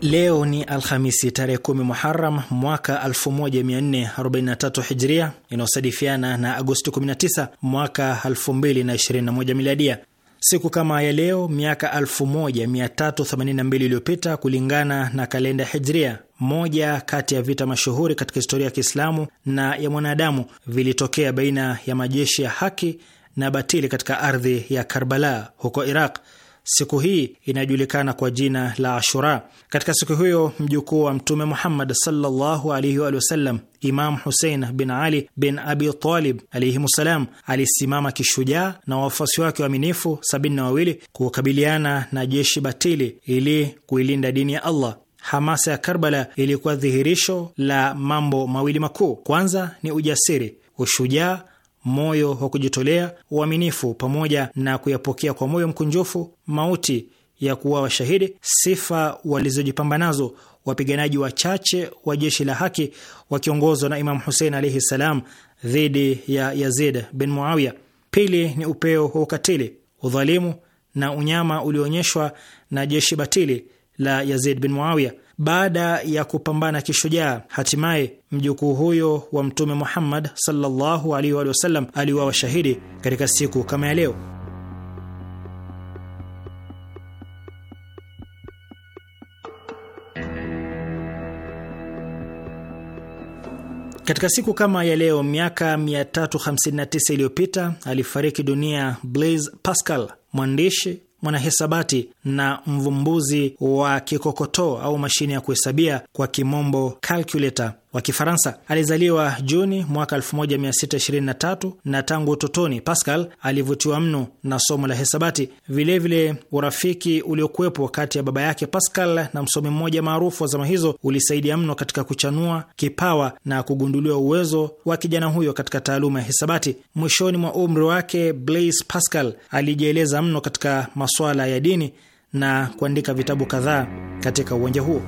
Leo ni Alhamisi tarehe 1i Muharam mwaka 1443 Hijria, inayosadifiana na Agosti 19 mwaka 2021 Miladia. Siku kama ya leo miaka 1382 iliyopita kulingana na kalenda Hijria, moja kati ya vita mashuhuri katika historia ya Kiislamu na ya mwanadamu vilitokea baina ya majeshi ya haki na batili katika ardhi ya Karbala huko Iraq. Siku hii inajulikana kwa jina la Ashura. Katika siku hiyo mjukuu wa Mtume Muhammad sallallahu alaihi wa sallam, Imam Husein bin Ali bin Abi Talib alaihimussalam, alisimama kishujaa na wafuasi wake waaminifu sabini na wawili kukabiliana na jeshi batili ili kuilinda dini ya Allah. Hamasa ya Karbala ilikuwa dhihirisho la mambo mawili makuu: kwanza ni ujasiri, ushujaa moyo wa kujitolea, uaminifu, pamoja na kuyapokea kwa moyo mkunjufu mauti ya kuwa washahidi, sifa walizojipamba nazo wapiganaji wachache wa jeshi la haki wakiongozwa na Imam Husein alaihi ssalam dhidi ya Yazid bin Muawiya. Pili ni upeo wa ukatili, udhalimu na unyama ulioonyeshwa na jeshi batili la Yazid bin Muawiya baada ya kupambana kishujaa. Hatimaye mjukuu huyo wa Mtume Muhammad sallallahu alaihi wa aliuawa shahidi katika siku kama ya leo. Katika siku kama ya leo miaka 359 iliyopita alifariki dunia Blaise Pascal, mwandishi, mwanahesabati na mvumbuzi wa kikokotoo au mashine ya kuhesabia kwa kimombo calculator wa Kifaransa. Alizaliwa Juni mwaka 1623 na tangu utotoni Pascal alivutiwa mno na somo la hesabati. Vilevile vile urafiki uliokuwepo kati ya baba yake Pascal na msomi mmoja maarufu wa zama hizo ulisaidia mno katika kuchanua kipawa na kugunduliwa uwezo wa kijana huyo katika taaluma ya hesabati. Mwishoni mwa umri wake, Blaise Pascal alijieleza mno katika masuala ya dini na kuandika vitabu kadhaa katika uwanja huo.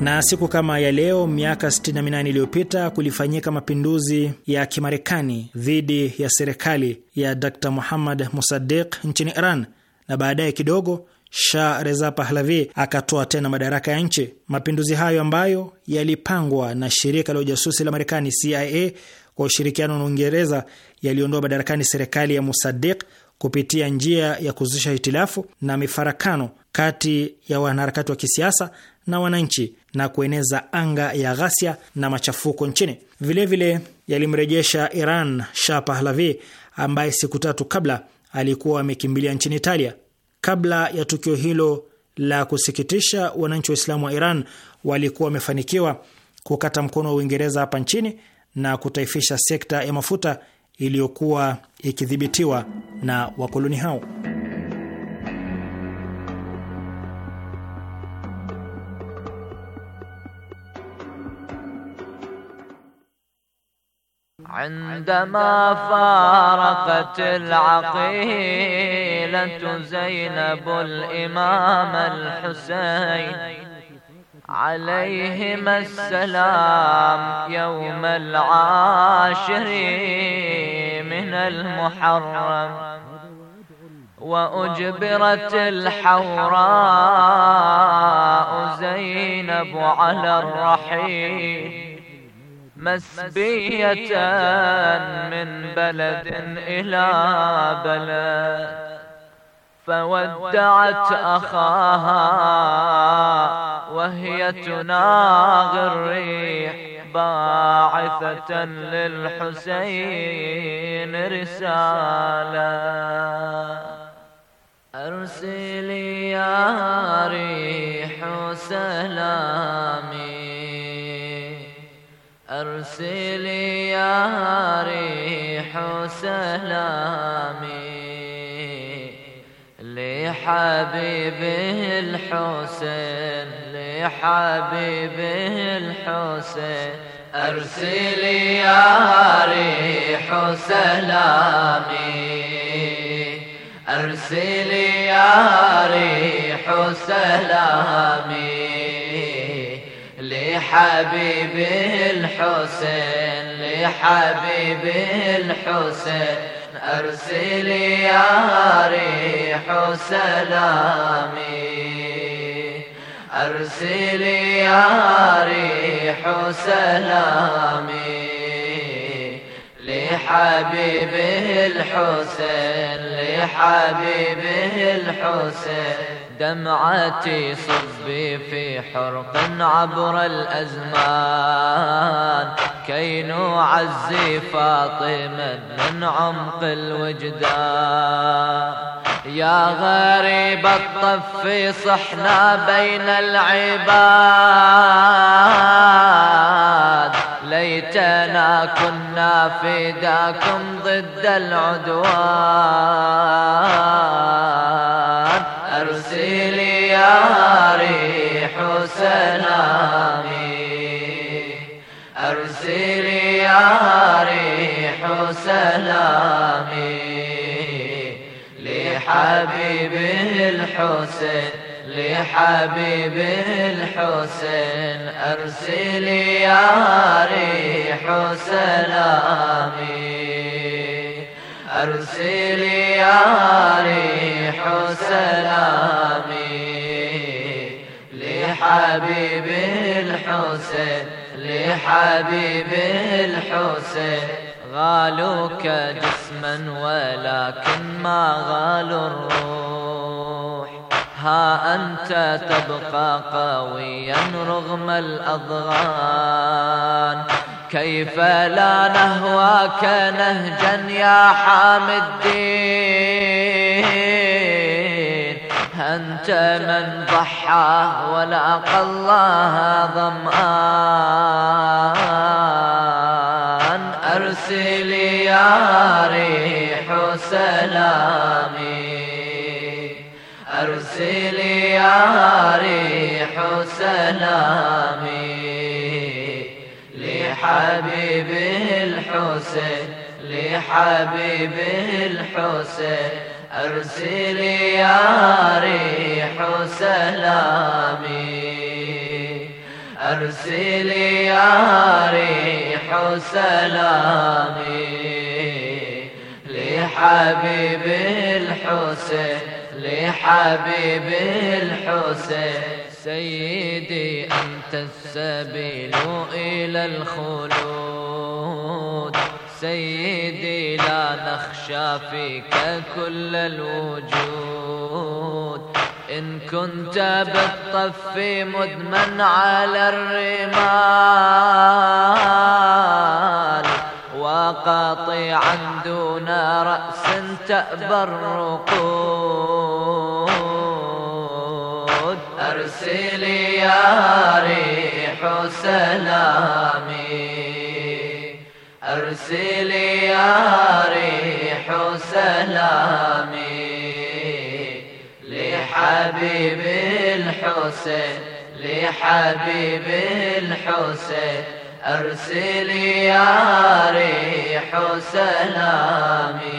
Na siku kama ya leo miaka 68 iliyopita kulifanyika mapinduzi ya Kimarekani dhidi ya serikali ya Dr. Muhammad Musaddiq nchini Iran na baadaye kidogo Shah Reza Pahlavi akatoa tena madaraka ya nchi. Mapinduzi hayo ambayo yalipangwa na shirika la ujasusi la Marekani CIA kwa ushirikiano na Uingereza yaliondoa madarakani serikali ya Musadik kupitia njia ya kuzusha hitilafu na mifarakano kati ya wanaharakati wa kisiasa na wananchi na kueneza anga ya ghasia na machafuko nchini. Vilevile yalimrejesha Iran Shah Pahlavi ambaye siku tatu kabla alikuwa amekimbilia nchini Italia. Kabla ya tukio hilo la kusikitisha, wananchi wa islamu wa Iran walikuwa wamefanikiwa kukata mkono wa Uingereza hapa nchini na kutaifisha sekta ya mafuta iliyokuwa ikidhibitiwa na wakoloni hao. عندما فارقت العقيلة زينب الإمام الحسين عليهما السلام يوم العاشر من المحرم وأجبرت الحوراء زينب على الرحيل مسبية من بلد إلى بلد فودعت أخاها وهي تناغ الريح باعثة للحسين رسالة أرسلي يا ريح سلامي أرسلي يا ريح سلامي لحبيبه الحسين لحبيبه الحسين أرسلي يا ريح سلامي أرسلي يا ريح سلامي لحبيب الحسين لحبيب الحسين أرسلي يا ريح سلامي أرسلي يا ريح سلامي لحبيبه الحسين لحبيبه الحسين دمعتي صبي في حرق عبر الأزمان كي نعزي فاطمة من عمق الوجدان يا غريب الطف صحنا بين العباد ليتنا كنا فداكم ضد العدوان أرسلي يا ريح سلامي أرسلي يا ريح سلامي لحبيبه الحسين لحبيبه الحسين أرسلي يا ريح سلامي أرسلي يا ريح سلامي لحبيبه الحسين لحبيبه الحسين غالوك جسما ولكن ما غالوا الروح ها أنت تبقى قويا رغم الأضغان كيف لا نهواك نهجا يا حام الدين أنت من ضحى ولا الله ظمآن ريح سلامي أرسلي يا ريح سلامي لحبيب الحسين لحبيب الحسين أرسلي يا ريح سلامي أرسلي يا ريح سلامي لحبيبي الحسين لحبيبي الحسين سيدي أنت السبيل إلى الخلود سيدي لا نخشى فيك كل الوجود إن كنت بالطف مدمن على الرمال قاطعا دون رأس تأبرقود أرسلي يا ريح سلامي أرسلي يا ريح سلامي لحبيب الحسين لحبيب الحسين أرسلي يا ريح سلامي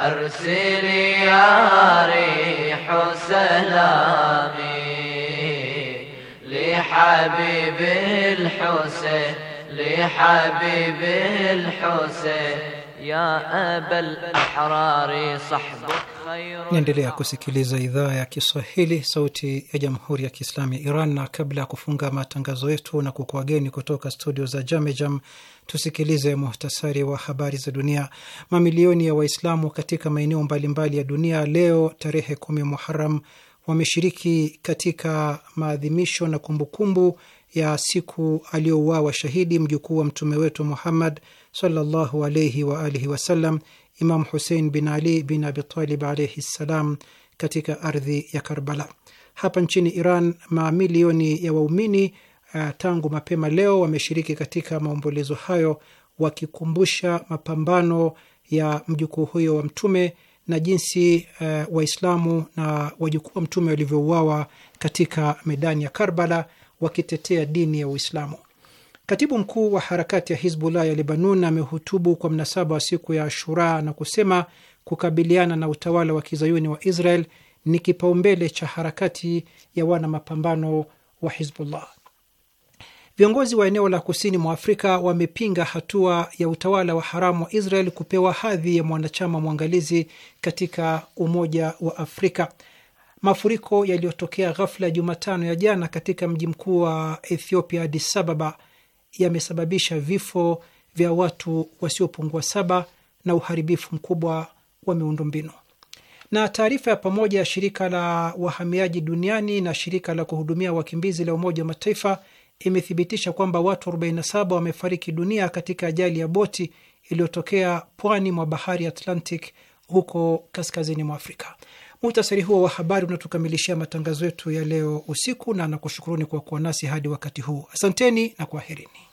أرسلي يا ريح سلامي لحبيب الحسين لحبيب الحسين Naendelea kusikiliza idhaa ya Kiswahili, sauti ya jamhuri ya kiislamu ya Iran. Na kabla ya kufunga matangazo yetu na kukuageni kutoka studio za Jamejam, tusikilize muhtasari wa habari za dunia. Mamilioni ya Waislamu katika maeneo mbalimbali ya dunia leo tarehe kumi Muharam wameshiriki katika maadhimisho na kumbukumbu ya siku aliyouawa shahidi mjukuu wa mtume wetu Muhammad sallallahu alaihi wa alihi wasallam, Imam Husein bin Ali bin Abitalib alaihi ssalam, katika ardhi ya Karbala. Hapa nchini Iran, mamilioni ya waumini uh, tangu mapema leo wameshiriki katika maombolezo hayo wakikumbusha mapambano ya mjukuu huyo wa Mtume na jinsi uh, Waislamu na wajukuu wa Mtume walivyouawa katika medani ya Karbala wakitetea dini ya Uislamu. Katibu mkuu wa harakati ya Hizbullah ya Lebanon amehutubu kwa mnasaba wa siku ya Ashura na kusema kukabiliana na utawala wa kizayuni wa Israel ni kipaumbele cha harakati ya wana mapambano wa Hizbullah. Viongozi wa eneo la kusini mwa Afrika wamepinga hatua ya utawala wa haramu wa Israel kupewa hadhi ya mwanachama mwangalizi katika Umoja wa Afrika. Mafuriko yaliyotokea ghafla Jumatano ya jana katika mji mkuu wa Ethiopia, Addis Ababa, yamesababisha vifo vya watu wasiopungua saba na uharibifu mkubwa wa miundombinu. Na taarifa ya pamoja ya shirika la wahamiaji duniani na shirika la kuhudumia wakimbizi la Umoja wa Mataifa imethibitisha kwamba watu 47 wamefariki dunia katika ajali ya boti iliyotokea pwani mwa bahari Atlantic huko kaskazini mwa Afrika. Muhtasari huo wa habari unatukamilishia matangazo yetu ya leo usiku, na nakushukuruni kwa kuwa nasi hadi wakati huu. Asanteni na kwaherini.